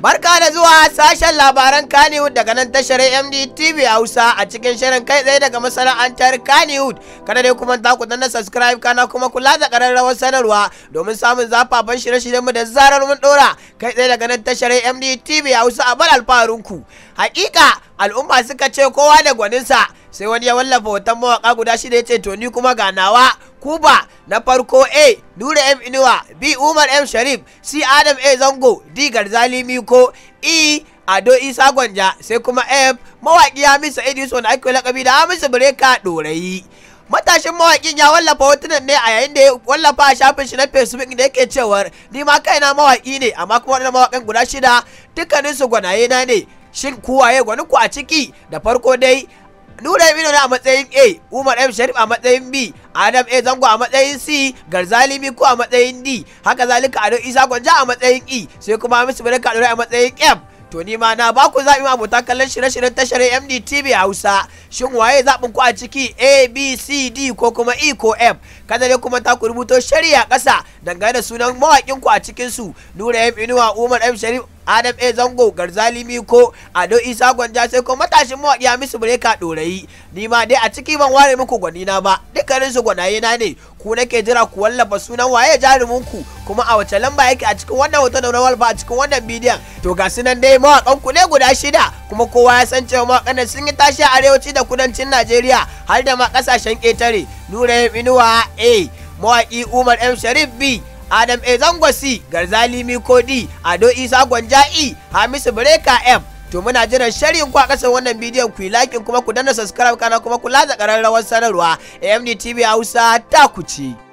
Barka da zuwa sashen labaran Kannywood daga nan tashar MD TV Hausa a cikin shirin kai tsaye daga masana'antar Kannywood. Kada dai kuma ta ku danna subscribe kana kuma kula da ƙararrawar sanarwa domin samun zafafan shirye-shiryen mu da zarar mun ɗora. kai tsaye daga nan tashar MDTV Hausa a bar alfaharinku. Hakika al'umma suka ce kowa da gwaninsa sai wani ya wallafa hoton mawaka guda shida ya ce to ni kuma ga nawa Kuba na farko A Nura M Inuwa B Umar M Sharif C Adam A Zango D Garzali Miko E Ado Isa Gwanja sai kuma F mawaƙi Hamisu Edison da ake lakabi da Hamisu Breka dorayi. matashin mawakin ya wallafa hotunan ne a yayin da ya wallafa a shafin shi na facebook da yake cewar ni ma kaina mawaki ne amma kuma wani mawakan guda shida dukkanin su gwanaye na ne shin kuwaye gwani ku a ciki da farko dai Nura na a matsayin A, Umar M Sharif a matsayin B, Adam A Zango a matsayin C, Garzali ko a matsayin D, haka zalika Ado Isa Gwanja a matsayin E, sai kuma Hamisu Barka a matsayin F, to ni ma na ba ku zaɓi abota kallon shirye-shiryen tashar MDTV Hausa shin waye zaɓin ku a ciki A B C D ko kuma E ko F kada ne kuma ta ku rubuto shari'a ƙasa dangane da sunan mawaƙin ku a cikin su Nura M Inuwa Umar M Sharif adam a zango garzalimi ko ado isa gwanja sai ko matashin mawaɗi musu misu ka ɗorayi ni ma dai a ciki ban ware muku gwanina ba dukkanin su gwanaye na ne ku nake jira ku wallafa sunan waye jarumin ku kuma a wace lamba yake a cikin wannan hoton da na ba a cikin wannan bidiyon to ga sunan nan dai mawakan ku ne guda shida kuma kowa ya san cewa makana sun yi tashi a arewaci da kudancin Najeriya har da ma kasashen ƙetare Nura inuwa A mawaki Umar M Sharif B adam a zangosi garzalimi kodi ado isa gwanja'i hamisu breka m to muna jiran sharhin ku a ƙasar wannan bidiyon ku yi kuma ku danna subscribe kana kuma ku latsa ƙararrawar sanarwa amd tv hausa ta ku ci.